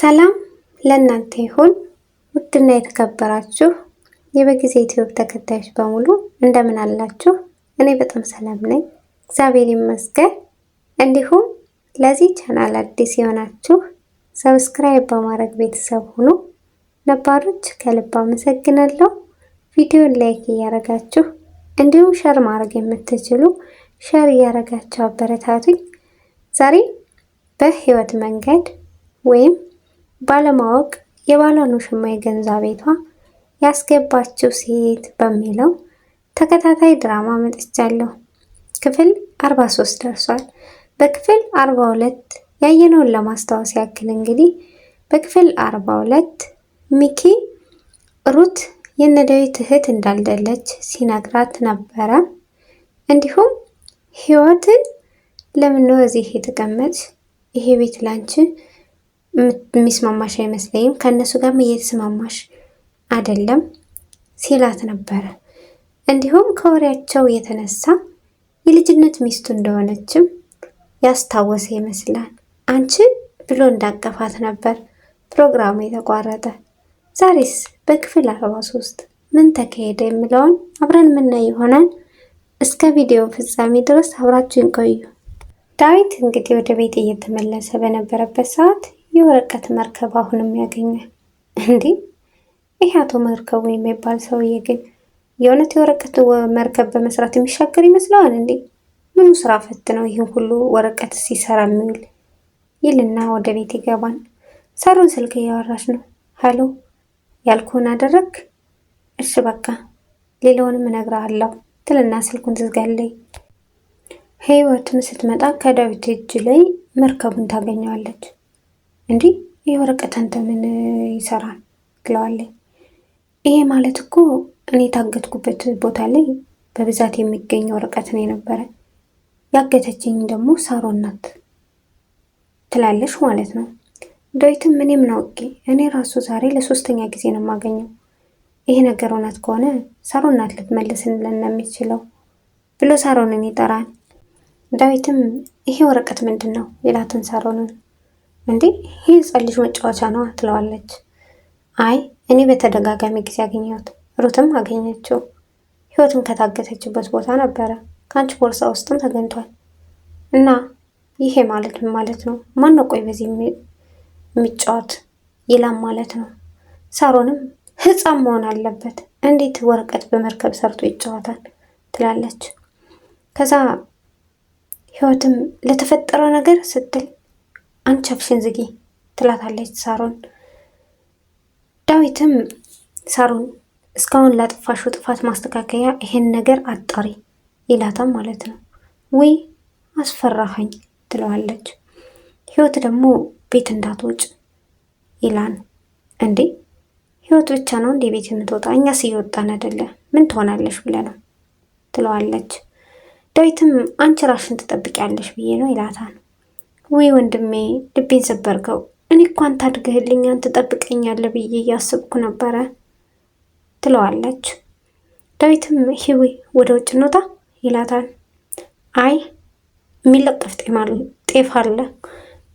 ሰላም ለእናንተ ይሁን። ውድና የተከበራችሁ የበጊዜ ኢትዮጵያ ተከታዮች በሙሉ እንደምን አላችሁ? እኔ በጣም ሰላም ነኝ፣ እግዚአብሔር ይመስገን። እንዲሁም ለዚህ ቻናል አዲስ የሆናችሁ ሰብስክራይብ በማድረግ ቤተሰብ ሁኑ። ነባሮች ከልብ አመሰግናለሁ። ቪዲዮን ላይክ እያደረጋችሁ እንዲሁም ሸር ማድረግ የምትችሉ ሸር እያደረጋችሁ አበረታቱኝ። ዛሬ በህይወት መንገድ ወይም ባለማወቅ የባሏን ውሽማ የገንዛ ቤቷ ያስገባችው ሴት በሚለው ተከታታይ ድራማ መጥቻለሁ። ክፍል 43 ደርሷል። በክፍል 42 ያየነውን ለማስታወስ ያክል እንግዲህ በክፍል 42 ሚኪ ሩት የነዳዊት እህት እንዳልደለች ሲነግራት ነበረ። እንዲሁም ህይወትን ለምን ነው እዚህ የተቀመጥሽ? ይሄ ቤት ላንቺ የሚስማማሽ አይመስለኝም፣ ከእነሱ ጋርም እየተስማማሽ አይደለም ሲላት ነበረ። እንዲሁም ከወሬያቸው የተነሳ የልጅነት ሚስቱ እንደሆነችም ያስታወሰ ይመስላል። አንቺ ብሎ እንዳቀፋት ነበር። ፕሮግራሙ የተቋረጠ። ዛሬስ በክፍል አርባ ሶስት ምን ተካሄደ የሚለውን አብረን ምና ይሆናል። እስከ ቪዲዮ ፍጻሜ ድረስ አብራችሁን ቆዩ። ዳዊት እንግዲህ ወደ ቤት እየተመለሰ በነበረበት ሰዓት የወረቀት መርከብ አሁንም ያገኛል። እንዲህ ይህ አቶ መርከቡ የሚባል ሰውዬ ግን የእውነት የወረቀት መርከብ በመስራት የሚሻገር ይመስለዋል እንዴ? ምኑ ስራ ፈት ነው ይህን ሁሉ ወረቀት ሲሰራ የሚውል ይልና ወደ ቤት ይገባል። ሳሮን ስልክ እያወራች ነው። ሀሎ ያልኩህን አደረግ? እሺ በቃ ሌላውንም እነግርሃለሁ ትልና ስልኩን ትዝጋለች። ህይወትም ስትመጣ ከዳዊት እጅ ላይ መርከቡን ታገኘዋለች። እንዲህ የወረቀት አንተ ምን ይሰራል ትለዋለች። ይሄ ማለት እኮ እኔ የታገትኩበት ቦታ ላይ በብዛት የሚገኝ ወረቀት ነው የነበረ። ያገተችኝ ደግሞ ሳሮን ናት ትላለች ማለት ነው። ዳዊትም እኔም ናውቄ እኔ ራሱ ዛሬ ለሶስተኛ ጊዜ ነው የማገኘው። ይሄ ነገር እውነት ከሆነ ሳሮን ናት ልትመልስልን የሚችለው ብሎ ሳሮንን ይጠራል። ዳዊትም ይሄ ወረቀት ምንድን ነው ይላትን ሳሮንን እንዴ ይህ ሕፃን ልጅ መጫወቻ ነዋ ትለዋለች። አይ እኔ በተደጋጋሚ ጊዜ አገኘሁት። ሩትም አገኘችው። ህይወትም ከታገተችበት ቦታ ነበረ። ከአንቺ ቦርሳ ውስጥም ተገኝቷል። እና ይሄ ማለት ምን ማለት ነው? ማነው ቆይ በዚህ የሚጫወት ይላም ማለት ነው። ሳሮንም ህፃን መሆን አለበት እንዴት ወረቀት በመርከብ ሰርቶ ይጫወታል ትላለች። ከዛ ህይወትም ለተፈጠረው ነገር ስትል አንቺ አፍሽን ዝጊ ትላታለች ሳሮን። ዳዊትም ሳሮን እስካሁን ላጠፋሽው ጥፋት ማስተካከያ ይሄን ነገር አጣሪ ይላታም ማለት ነው። ወይ አስፈራኸኝ ትለዋለች። ህይወት ደግሞ ቤት እንዳትወጭ ይላን። እንዴ ህይወት ብቻ ነው እንዴ ቤት የምትወጣ? እኛስ እየወጣን አይደለ? ምን ትሆናለሽ ብለ ነው ትለዋለች። ዳዊትም አንቺ ራሽን ትጠብቂያለሽ ብዬ ነው ይላታል። ወይ ወንድሜ ልቤን ሰበርከው። እኔ እንኳን ታድግህልኛን ትጠብቀኛለህ ብዬ እያስብኩ ነበረ ትለዋለች። ዳዊትም ሂዊ ወደ ውጭ እንውጣ ይላታል። አይ የሚለጠፍ ጤፍ አለ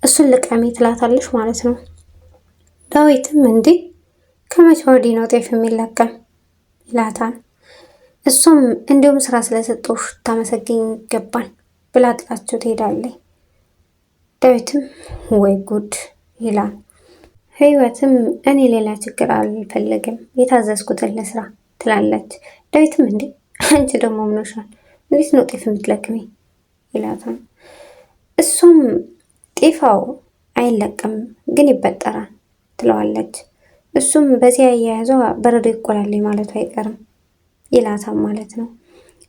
እሱን ልቀሚ ትላታለች ማለት ነው። ዳዊትም እንዲህ ከመቼ ወዲህ ነው ጤፍ የሚለቀም ይላታል። እሱም እንዲሁም ስራ ስለሰጠሽ ታመሰግኝ ይገባል ብላ ጥላቸው ትሄዳለች። ዳዊትም ወይ ጉድ ይላል። ህይወትም እኔ ሌላ ችግር አልፈለግም የታዘዝኩትን ለስራ ትላለች። ዳዊትም እንዴ አንቺ ደግሞ ምኖሻል እንዴት ነው ጤፍ የምትለቅሚ ይላታል። እሱም ጤፋው አይለቅም ግን ይበጠራል ትለዋለች። እሱም በዚህ አያያዟ በረዶ ይቆላል ማለቱ አይቀርም ይላታም ማለት ነው።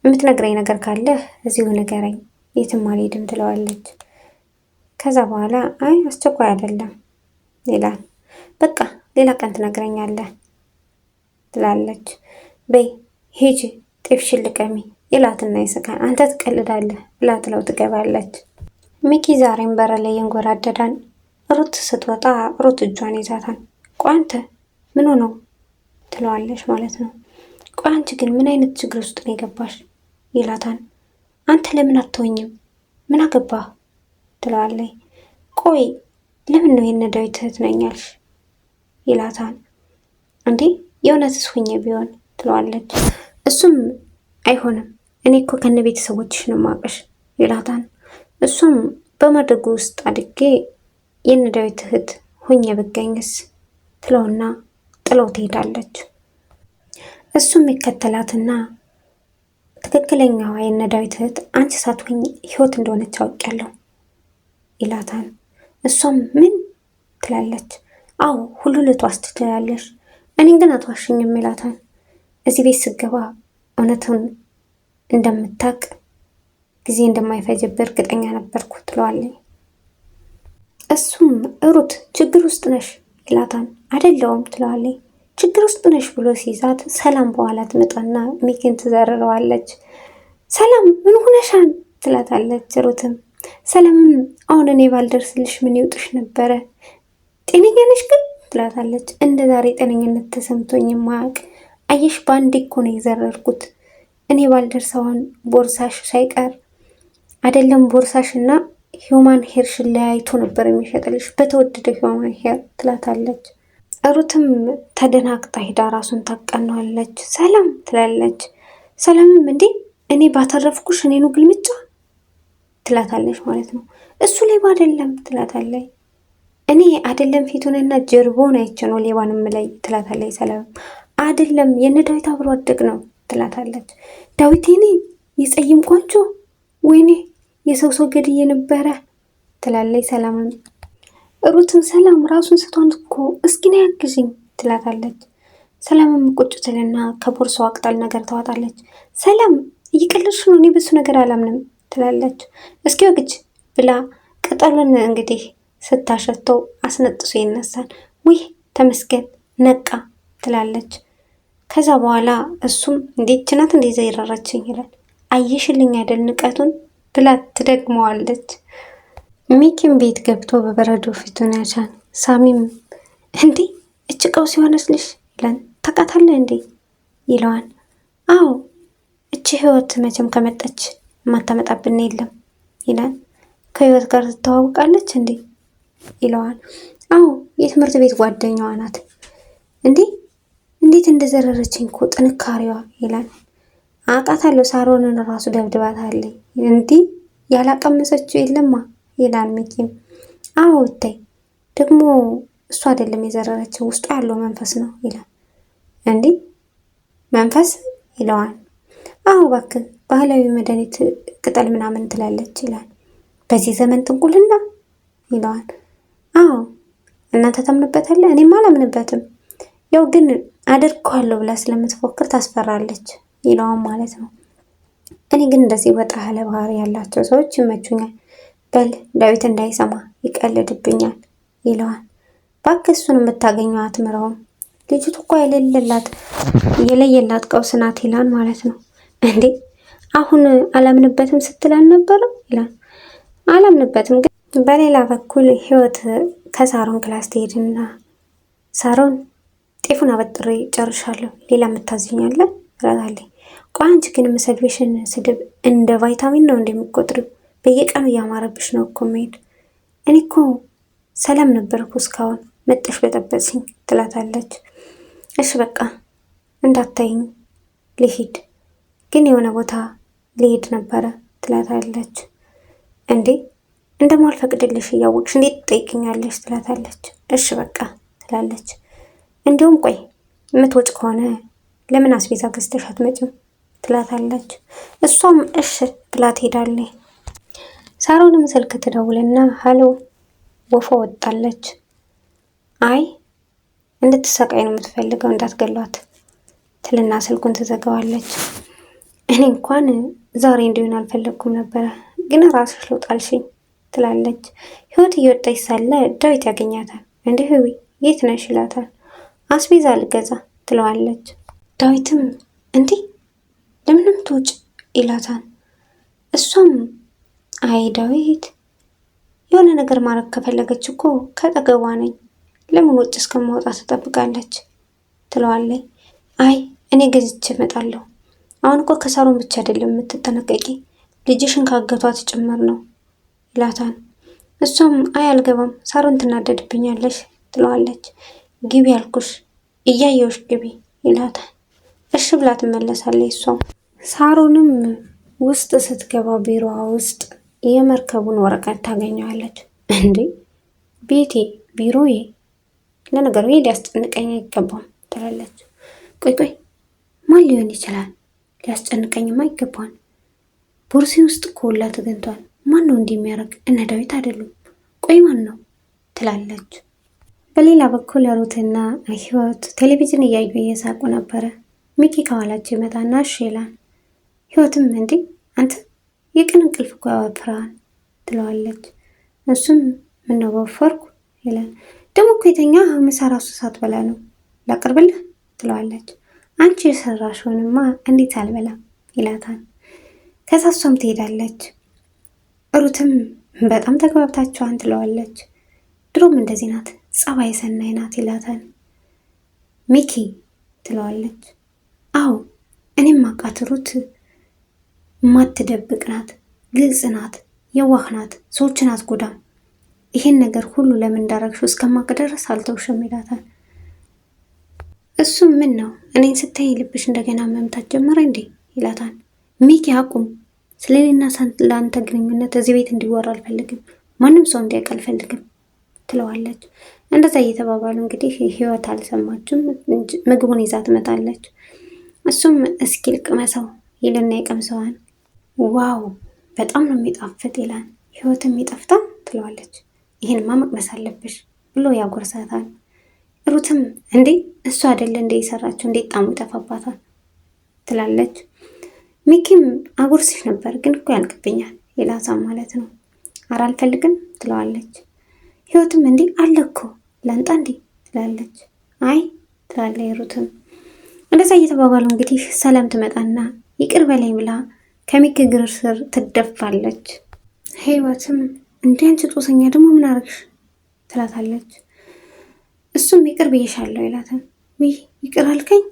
የምትነግረኝ ነገር ካለህ እዚሁ ንገረኝ፣ የትም አልሄድም ትለዋለች። ከዛ በኋላ አይ አስቸኳይ አይደለም ይላል። በቃ ሌላ ቀን ትነግረኛለህ ትላለች። በይ ሂጂ ጤፍሽን ልቀሚ ይላትና ይስቃል። አንተ ትቀልዳለህ ብላ ትለው ትገባለች። ሚኪ ዛሬም በር ላይ ይንጎራደዳል። ሩት ስትወጣ ሩት እጇን ይዛታል። ቋንተ ምኑ ነው ትለዋለች ማለት ነው። ቆይ ግን ምን አይነት ችግር ውስጥ ነው የገባሽ ይላታል። አንተ ለምን አትወኝም? ምን አገባህ ትለዋለች። ቆይ ለምን ነው ይህን ዳዊት እህት ነኝ ያልሽ? ይላታል። እንዴ የእውነትስ ሁኜ ቢሆን ትለዋለች። እሱም አይሆንም እኔ እኮ ከነ ቤተሰቦችሽ ነው የማውቅሽ ይላታል። እሱም በማደጎ ውስጥ አድጌ የነ ዳዊት እህት ሁኜ ብገኝስ ትለውና ጥለው ትሄዳለች። እሱም ይከተላትና ትክክለኛዋ የነ ዳዊት እህት አንቺ ሳትሆኝ ህይወት እንደሆነች አውቄያለሁ ይላታል። እሷም ምን ትላለች? አዎ ሁሉ ልትዋሽ ትችላለሽ፣ እኔን ግን አትዋሽኝም ይላታል። እዚህ ቤት ስገባ እውነቱን እንደምታቅ ጊዜ እንደማይፈጅብ እርግጠኛ ነበርኩ ትለዋለኝ። እሱም ሩት ችግር ውስጥ ነሽ ይላታል። አይደለውም ትለዋለኝ። ችግር ውስጥ ነሽ ብሎ ሲይዛት ሰላም በኋላ ትመጣና ሚኪን ትዘርረዋለች። ሰላም ምን ሆነሻን ትላታለች ሩትም ሰላምም አሁን እኔ ባልደርስልሽ ምን ይውጥሽ ነበረ? ጤነኛ ነሽ ግን ትላታለች። እንደ ዛሬ ጤነኝነት ተሰምቶኝ ማያውቅ አየሽ፣ በአንድ እኮ ነው የዘረርኩት። እኔ አሁን ቦርሳሽ ሳይቀር አይደለም ቦርሳሽ እና ሂውማን ሄር ሽለያይቶ ነበር የሚሸጥልሽ በተወደደ ሂውማን ሄር ትላታለች። ሩትም ተደናግጣ ሂዳ ራሱን ታቀናዋለች። ሰላም ትላለች። ሰላምም እንዴ እኔ ባተረፍኩሽ እኔኑ ግልምጫ ትላታለች ማለት ነው። እሱ ሌባ አይደለም ትላታለች። እኔ አይደለም ፊቱንና ጀርቦን አይቼ ነው ሌባን የምለይ ትላታለች። ሰላም አይደለም የነ ዳዊት አብሮ አደግ ነው ትላታለች። ዳዊት የኔ የጸይም ቆንጆ ወይኔ የሰው ሰው ገድዬ ነበረ ትላለች። ሰላምም ሩትም ሰላም ራሱን ስቷን እኮ እስኪ ና ያግዥኝ ትላታለች። ሰላምም ቁጭ ትልና ከቦርሳዋ ቅጠል ነገር ተዋጣለች። ሰላም እየቀለድሽ ነው፣ እኔ በሱ ነገር አላምንም ትላለች። እስኪ ወግጅ ብላ ቅጠሉን እንግዲህ ስታሸተው አስነጥሶ ይነሳል። ውይ ተመስገን ነቃ ትላለች። ከዛ በኋላ እሱም እንዴት ችናት እንደዛ ይረራችኝ ይላል። አየሽልኝ አይደል ንቀቱን ብላ ትደግመዋለች። ሚኪም ቤት ገብቶ በበረዶ ፊቱን ያሻል። ሳሚም እንዴ እች ቀው ሲሆነስልሽ ይላል። ታውቃታለህ እንዴ ይለዋል። አዎ እች ህይወት መቼም ከመጣች የማታመጣብን የለም ይላል። ከህይወት ጋር ትተዋውቃለች እንዴ ይለዋል። አዎ የትምህርት ቤት ጓደኛዋ ናት። እንዴ እንዴት እንደዘረረችኝ እኮ ጥንካሬዋ ይላል። አውቃታለሁ ሳሮንን ራሱ ደብድባታለኝ። እንዲህ ያላቀመሰችው የለማ ይላል ሚኪም። አዎ እታይ ደግሞ እሱ አይደለም የዘረረችው ውስጡ ያለው መንፈስ ነው ይላል። እንዲህ መንፈስ ይለዋል። አዎ እባክህ ባህላዊ መድኃኒት ቅጠል ምናምን ትላለች ይላል። በዚህ ዘመን ጥንቁልና ይለዋል። አዎ እናንተ ተምንበታለ እኔም አላምንበትም። ያው ግን አደርገዋለሁ ብላ ስለምትፎክር ታስፈራለች ይለዋል ማለት ነው። እኔ ግን እንደዚህ ወጣ ያለ ባህሪ ያላቸው ሰዎች ይመቹኛል። በል ዳዊት እንዳይሰማ ይቀልድብኛል ይለዋል። እባክህ እሱን የምታገኘው አትምረውም። ልጅቱ እኮ የለየላት ቀውስ ናት ይላል ማለት ነው። እንዴ አሁን አላምንበትም ስትል አልነበረም ይላል። አላምንበትም ግን በሌላ በኩል ህይወት ከሳሮን ክላስ ትሄድና ሳሮን ጤፉን አበጥሬ ጨርሻለሁ፣ ሌላ የምታዝኛለ ትላታለች። ቆይ አንቺ ግን መሰድቤሽን ስድብ እንደ ቫይታሚን ነው እንደሚቆጥሪው በየቀኑ እያማረብሽ ነው እኮ መሄድ። እኔ እኮ ሰላም ነበርኩ እስካሁን መጠሽ በጠበስኝ ትላታለች። እሺ በቃ እንዳታይኝ ልሂድ ግን የሆነ ቦታ ሊሄድ ነበረ ትላታለች። እንዴ እንደማልፈቅድልሽ እያወቅሽ እንዴት ትጠይቅኛለሽ? ትላታለች። እሽ በቃ ትላለች። እንዲሁም ቆይ የምትወጭ ከሆነ ለምን አስቤዛ ገዝተሽ አትመጭም? ትላታለች። እሷም እሽ ብላ ትሄዳለች። ሳሮንም ስልክ ትደውልና ሀሎ ወፎ ወጣለች። አይ እንድትሰቃይ ነው የምትፈልገው እንዳትገሏት ትልና ስልኩን ትዘጋዋለች። እኔ እንኳን ዛሬ እንዲሆን አልፈለግኩም ነበረ፣ ግን ራስሽ ለውጥ አልሽኝ ትላለች። ህይወት እየወጣች ሳለ ዳዊት ያገኛታል። እንዲ ህዊ የት ነሽ ይላታል። አስቤዛ ልገዛ ትለዋለች። ዳዊትም እንዲህ ለምንም ትውጭ ይላታል። እሷም አይ ዳዊት የሆነ ነገር ማድረግ ከፈለገች እኮ ከጠገቧ ነኝ፣ ለምን ውጭ እስከማውጣት ትጠብቃለች? ትለዋለች። አይ እኔ ገዝቼ እመጣለሁ አሁን እኮ ከሳሮን ብቻ አይደለም የምትጠነቀቂ ልጅሽን ካገቷት ጭምር ነው ይላታል። እሷም አይ አልገባም፣ ሳሮን ትናደድብኛለሽ ትለዋለች። ግቢ ያልኩሽ እያየውሽ ግቢ ይላታል። እሺ ብላ ትመለሳለች። እሷም ሳሮንም ውስጥ ስትገባ ቢሮዋ ውስጥ የመርከቡን ወረቀት ታገኘዋለች። እንዴ ቤቴ፣ ቢሮዬ፣ ለነገሩ ሄድ ሊያስጨንቀኝ አይገባም ትላለች። ቆይ ቆይ ማን ሊሆን ይችላል? ሊያስጨንቀኝማ ይገባል። ቦርሴ ውስጥ ኮላ ተገኝቷል። ማን ነው እንዲህ የሚያደርግ? እነ ዳዊት አይደሉም። ቆይ ማን ነው ትላለች። በሌላ በኩል ሩትና ህይወት ቴሌቪዥን እያዩ እየሳቁ ነበረ። ሚኪ ከኋላቸው ይመጣና እሺ ይላል። ህይወትም እንዴ አንተ የቀን እንቅልፍ እኮ ያወፍርሃል ትለዋለች። እሱም ምነው በወፈርኩ ይላል። ደግሞ እኮ የተኛ ምሳ ራሱ ሳትበላ ነው ላቅርብልህ ትለዋለች። አንቺ የሰራሽውንማ እንዴት አልበላም ይላታል። ከዛ እሷም ትሄዳለች። ሩትም በጣም ተግባብታችኋን ትለዋለች። ድሮም እንደዚህ ናት፣ ጸባይ ሰናይ ናት ይላታል። ሚኪ ትለዋለች። አዎ እኔም አቃት ሩት ማትደብቅ ናት፣ ግልጽ ናት፣ የዋህ ናት፣ ሰዎችን አትጎዳም። ይሄን ነገር ሁሉ ለምን እንዳረግሽው እስከማቅ ድረስ አልተውሽም ይላታል። እሱም ምን ነው እኔን ስታይ ልብሽ እንደገና መምታት ጀመረ እንዴ ይላታል። ሚኪ አቁም፣ ስለሌና ለአንተ ግንኙነት እዚህ ቤት እንዲወራ አልፈልግም፣ ማንም ሰው እንዲያውቅ አልፈልግም ትለዋለች። እንደዛ እየተባባሉ እንግዲህ ህይወት አልሰማችም፣ ምግቡን ይዛ ትመጣለች። እሱም እስኪ ልቅመሰው ይልና ይቀምሰዋል። ዋው በጣም ነው የሚጣፍጥ ይላል። ህይወትም ይጣፍጣል ትለዋለች። ይህንማ መቅመስ አለብሽ ብሎ ያጎርሳታል። ሩትም እንዴ እሱ አይደለ እንደ የሰራችው እንዴት ጣሙ ይጠፋባታል ትላለች። ሚኪም አጉርስሽ ነበር ግን እኮ ያልቅብኛል ይላታል ማለት ነው። ኧረ አልፈልግም ትለዋለች። ህይወትም እንዴ አለ እኮ ላንጣ ትላለች። አይ ትላለች ሩትም። እንደዛ እየተባባሉ እንግዲህ ሰላም ትመጣና ይቅር በላይ ብላ ከሚኪ እግር ስር ትደፋለች። ህይወትም እንዲህ አንቺ ጦሰኛ ደግሞ ምን አርግሽ ትላታለች። እሱም ይቅር ብዬሻለሁ ይላታል። ውይ ይቅር አልከኝ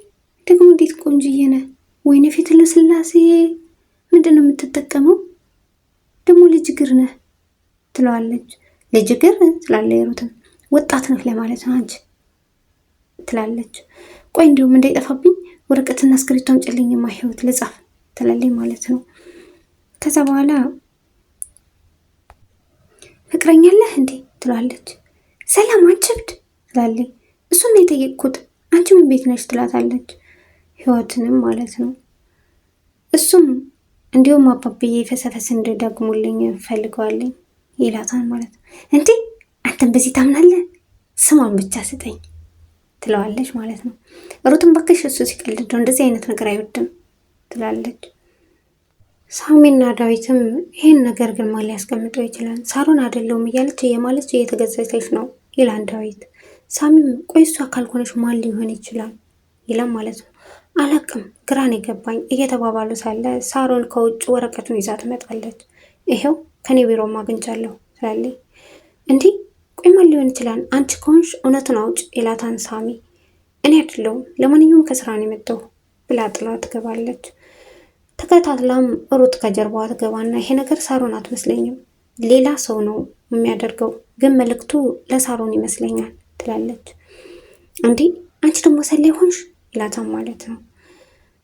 ደግሞ እንዴት ቆንጅዬ ነህ! ወይነ ፊት ለስላሴ ምንድን ነው የምትጠቀመው? ደግሞ ልጅ እግር ነህ ትለዋለች። ልጅ እግር ትላለ ሩትም ወጣት ነህ ለማለት ነው አንቺ ትላለች። ቆይ እንዲሁም እንዳይጠፋብኝ ወረቀትና እስክሪብቶ ጭልኝ ማህይወት ልጻፍ ትላለች ማለት ነው። ከዛ በኋላ ፍቅረኛለህ እንዴ ትለዋለች። ሰላም አንችብድ ትላለች። እሱን የጠየቅኩት አንቺ ምን ቤት ነች ትላታለች። ህይወትንም ማለት ነው። እሱም እንዲሁም አባብዬ ፈሰፈስ እንድደግሙልኝ ፈልገዋለኝ ይላታን ማለት ነው። እንዴ አንተን በዚህ ታምናለህ? ስሟን ብቻ ስጠኝ ትለዋለች ማለት ነው። ሩትም በክሽ እሱ ሲቀልድ ነው እንደዚህ አይነት ነገር አይወድም ትላለች። ሳሚና ዳዊትም ይሄን ነገር ግን ማን ሊያስቀምጠው ይችላል? ሳሮን አይደለውም እያለች እየማለች እየተገዘተች ነው ይላን ዳዊት። ሳሚም ቆይ እሷ ካልሆነች ማን ሊሆን ይችላል ይላል ማለት ነው። አላቅም ግራን የገባኝ እየተባባሉ ሳለ ሳሮን ከውጭ ወረቀቱን ይዛ ትመጣለች። ይሄው ከኔ ቢሮም አግኝቻለሁ ትላለች። እንዲህ ቆይ ማን ሊሆን ይችላል? አንቺ ከሆንሽ እውነቱን አውጭ ይላታን ሳሚ። እኔ አይደለሁም ለማንኛውም ከስራ ነው የመጣሁ ብላ ጥላ ትገባለች። ተከታትላም ሩት ከጀርባዋ ትገባና ይሄ ነገር ሳሮን አትመስለኝም ሌላ ሰው ነው የሚያደርገው፣ ግን መልእክቱ ለሳሮን ይመስለኛል ትላለች። እንዴ አንቺ ደግሞ ሰላይ ሆንሽ ይላታም ማለት ነው።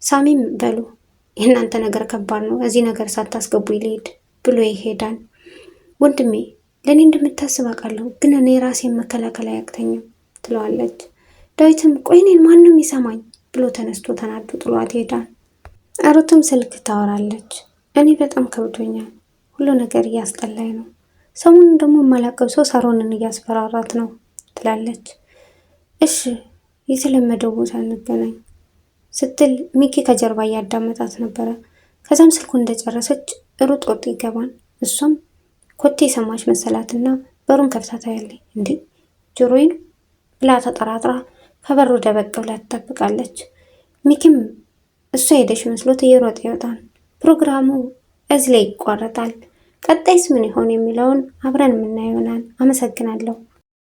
ሳሚም በሉ የእናንተ ነገር ከባድ ነው፣ እዚህ ነገር ሳታስገቡ ይልሄድ ብሎ ይሄዳል። ወንድሜ ለእኔ እንደምታስብ አውቃለሁ፣ ግን እኔ ራሴን መከላከል አያቅተኝም ትለዋለች። ዳዊትም ቆይ እኔን ማንም ይሰማኝ ብሎ ተነስቶ ተናዶ ጥሏት ይሄዳል። ሩትም ስልክ ታወራለች። እኔ በጣም ከብዶኛል፣ ሁሉ ነገር እያስጠላኝ ነው። ሰሞኑን ደግሞ የማላቀብ ሰው ሳሮንን እያስፈራራት ነው ትላለች። እሺ የተለመደው ቦታ እንገናኝ ስትል ሚኪ ከጀርባ እያዳመጣት ነበረ። ከዛም ስልኩ እንደጨረሰች ሩጥ ወጥ ይገባል። እሷም ኮቴ የሰማች መሰላትና በሩን ከፍታ ታያለች። እንዲህ ጆሮዬን ብላ ተጠራጥራ ከበሩ ደበቅ ብላ ትጠብቃለች። ሚኪም እሷ ሄደች መስሎት እየሮጠ ይወጣል። ፕሮግራሙ እዚህ ላይ ይቋረጣል። ቀጣይስ ምን ይሆን የሚለውን አብረን የምናየው ይሆናል። አመሰግናለሁ።